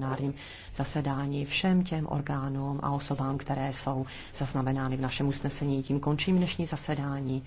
plenárním zasedání všem těm orgánům a osobám, které jsou zaznamenány v našem usnesení. Tím končím dnešní zasedání.